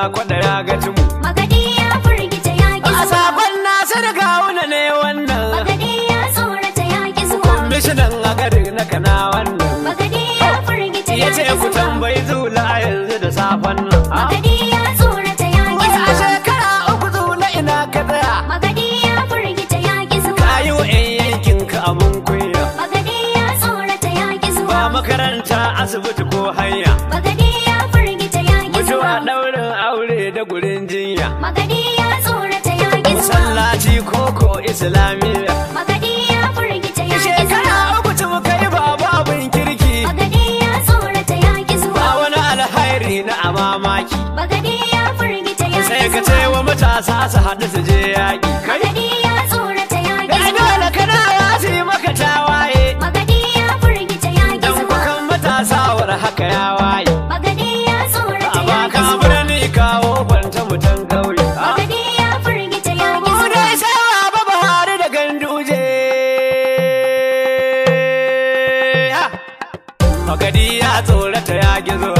ya ga tumu. Magadi ya firgita ya ki zuwa. A sabon Nasir gawuna ne wannan. Magadi ya tsorata ya ki zuwa. Kwamishinan a garin na kana wannan. Magadi ya firgita ya ki zuwa. Ya ce ku tambayi zula a yanzu da safen nan. Ah. Magadi ya tsorata ya ki zuwa. Wai a shekara uku zula ina ka tsaya. Magadi ya firgita ya ki zuwa. Ka yi wa 'yan ka abun kunya. Magadi ya tsorata ya ki zuwa. Ba makaranta asibiti ko hanya. islamiyya magadi ya furgita ya ki shekara uku ci muka yi ba abin kirki magadi ya tsorata ya zuwa ba wani alhairi na mamaki magadi ya furgita ya ki sai ka ce wa matasa su haɗu su je yaƙi magadi ya tsorata ya gizo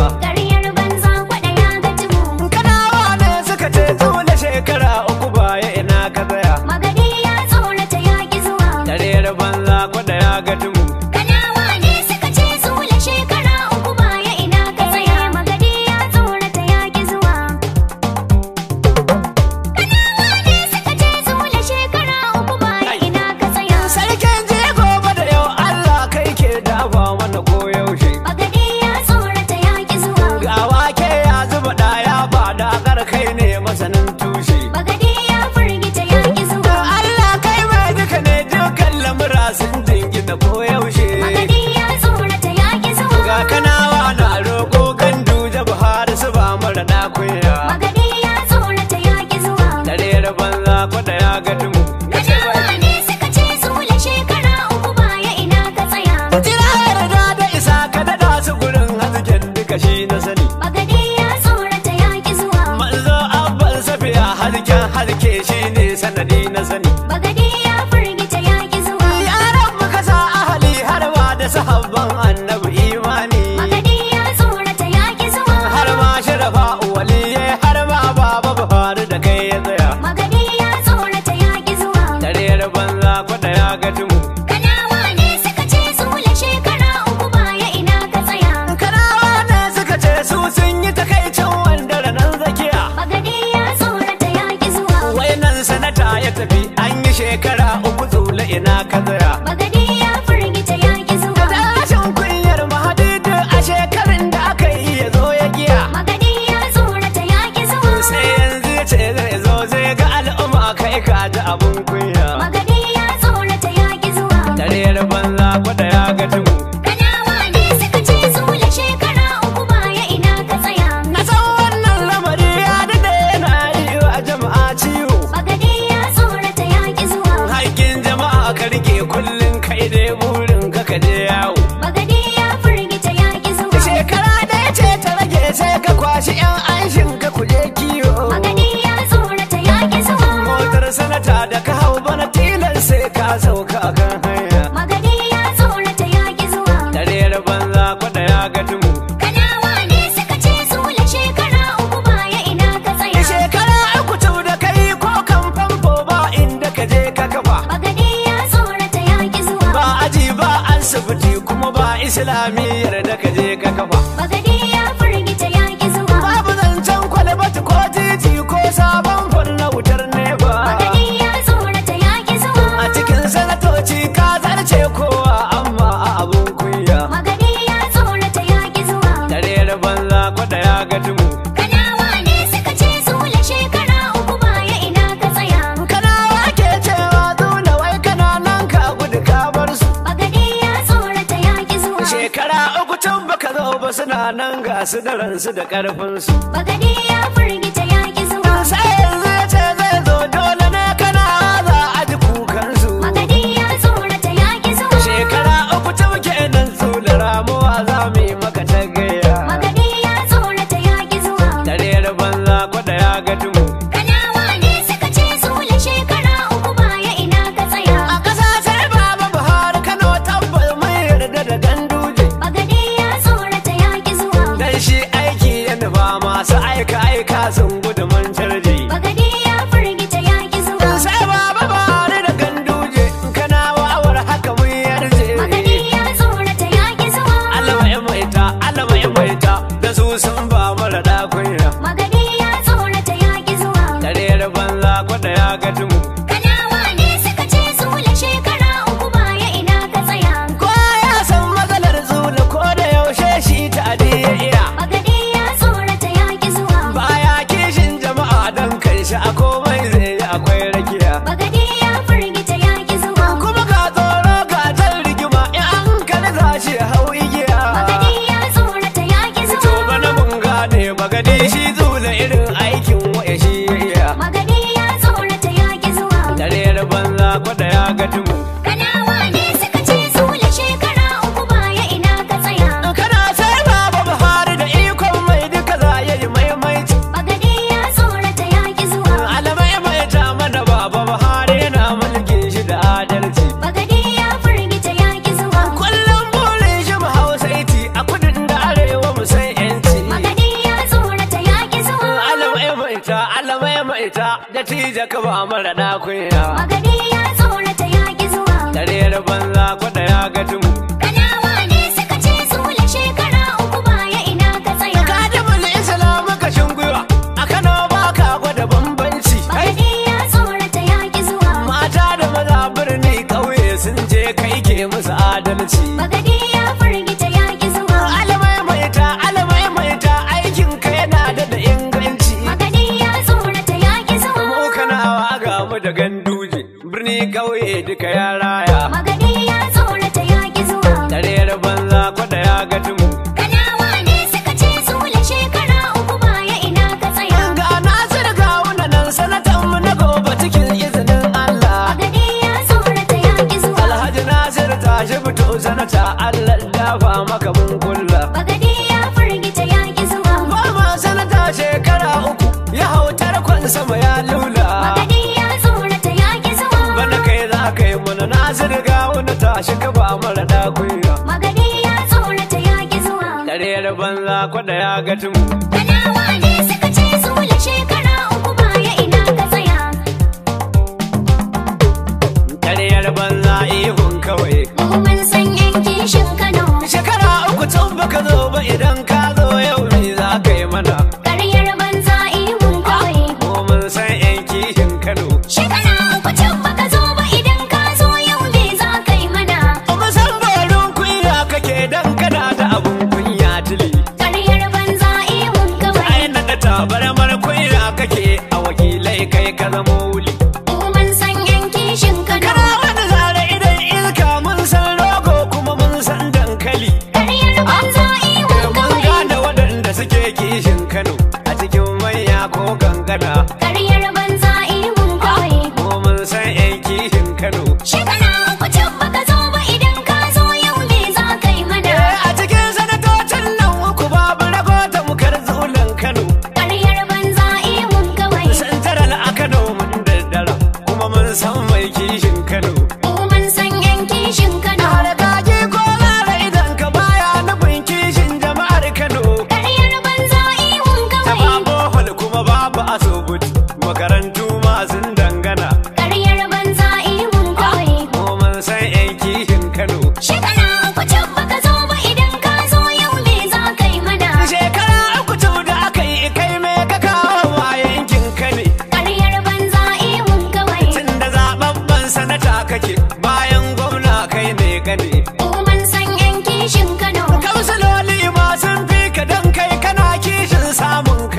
islami yarda kai shekara uku can baka zo ba suna nan ga su da ransu da ƙarfinsu. Bagade ya firgita ya ki zuwa. Sai yanzu ya ce zai zo dole ne kana za a ji kukansu. Bagade ya tsorata ya ki zuwa. Shekara uku can kenan zo da ramuwa ba masu aika aika zungu ita ka ba mara kunya. Magani ya tsorata ya ki zuwa. Tariyar banza kwaɗa ya ga tumu. Kanawa ne suka ce zula shekara uku baya ina ka tsaya. Ka ji bala isla makashin gwiwa a Kano ba ka gwada bambanci. Magani ya tsorata ya zuwa. Mata da maza birni ƙauye sun je kai ke musu adalci. sanata Allah dafa maka mun kulla bagadi ya firgita ya ki zuwa mama sanata shekara uku ya hautar kwan sama ya lula bagadi ya tsorata ya ki zuwa bana kai za ka yi mana nasir ga wani tashi ka ba mara dakuya magadi ya tsorata ya ki zuwa kariyar banza kwada ya gatin kanawa ne suka ce su shekara uku baya ina ka tsaya kariyar banza iya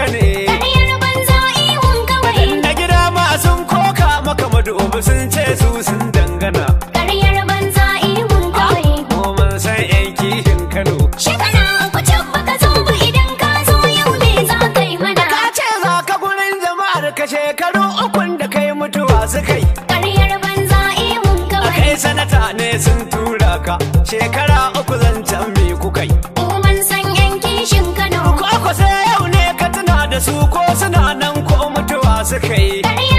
haka ne ƙaryar banza ihun kawai na gida ma sun koka maka madubu sun ce su sun dangana ƙaryar banza ihun kawai ah, ko mun san yan kishin kano shekara uku can baka zo ba idan ka zo yau ne za ka ka ce za ka gurin jama'ar ka shekaru ukun da kai mutuwa su kai ƙaryar banza ihun kawai kai sanata ne sun tura ka shekara okay.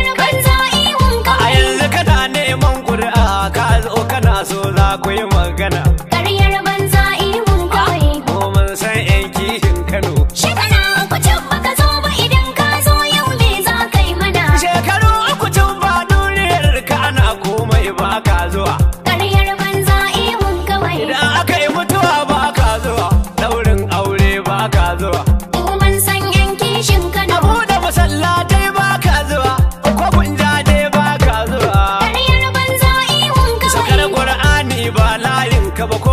acabó con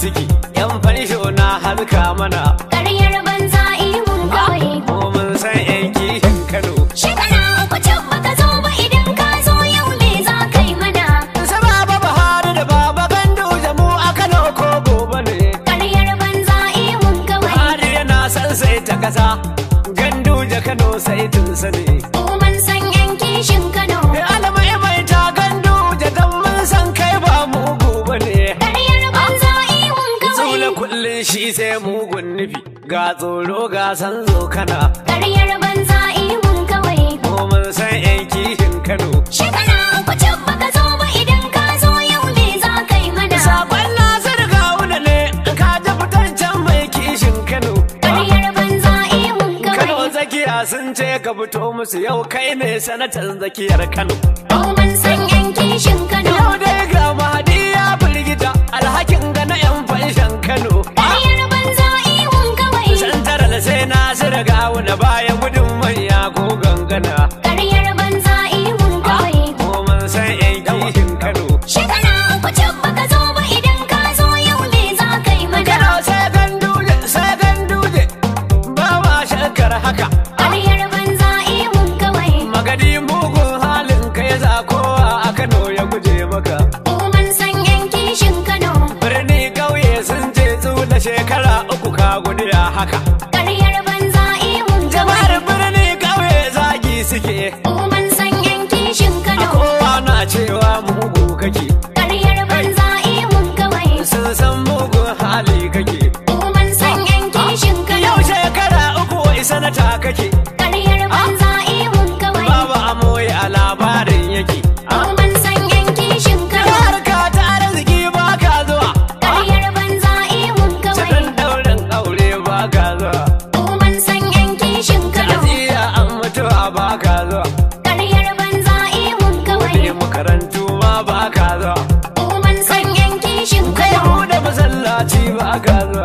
suke yan farsho har ka mana shi sai mugun nufi ga tsoro ga san zo kana ƙaryar banza mun kawai ko san yan kishin kano shekara uku can baka zo ba idan ka zo yau me za ka yi mana sabon nasir ga wuna ne ka ji fitan can mai kishin kano ƙaryar banza mun kawai kano zakiya sun ce ka fito musu yau kai ne sanatan zakiyar kano ko san yan kishin kano yau dai ga mahadi ya firgita alhakin ga na yan fanshan na baya gudun manya ko gangana. Ƙaryar banza ihun kawai. Ko mun san ƴan kishin Kano. Shekara uku can baka zo ba idan ka zo yau me za ka yi mana. Kana sai ganduje sai ganduje ba ma shakkar haka. Ƙaryar banza ihun kawai. Magadi mugun halin ka kai za kowa a Kano ya guje maka. san kishin kano. sun je Shekara uku ka gudu haka. jama'ar birni kauye zagi suke Oman san kishin kano. Kowa na cewa mugu kake Karyar banza eh, mun kawai Sun san mugun hali kake Oman san kishin kano. Yau shekara uku isa na ta kake agalo